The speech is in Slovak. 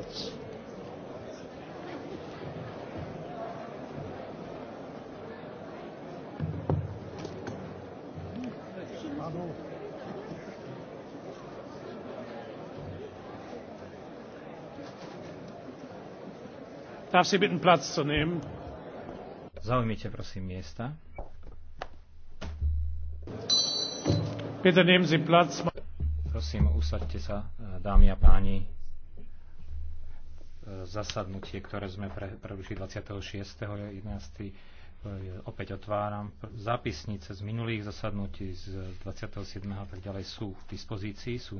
minutes. Darf Sie bitten, Platz zu nehmen? Zaujmite prosím miesta. Bitte nehmen Sie Platz. Prosím, usaďte sa, eh, dámy a páni zasadnutie, ktoré sme prerušili 26.11. E, opäť otváram. Zápisnice z minulých zasadnutí z 27. a tak ďalej sú v dispozícii, sú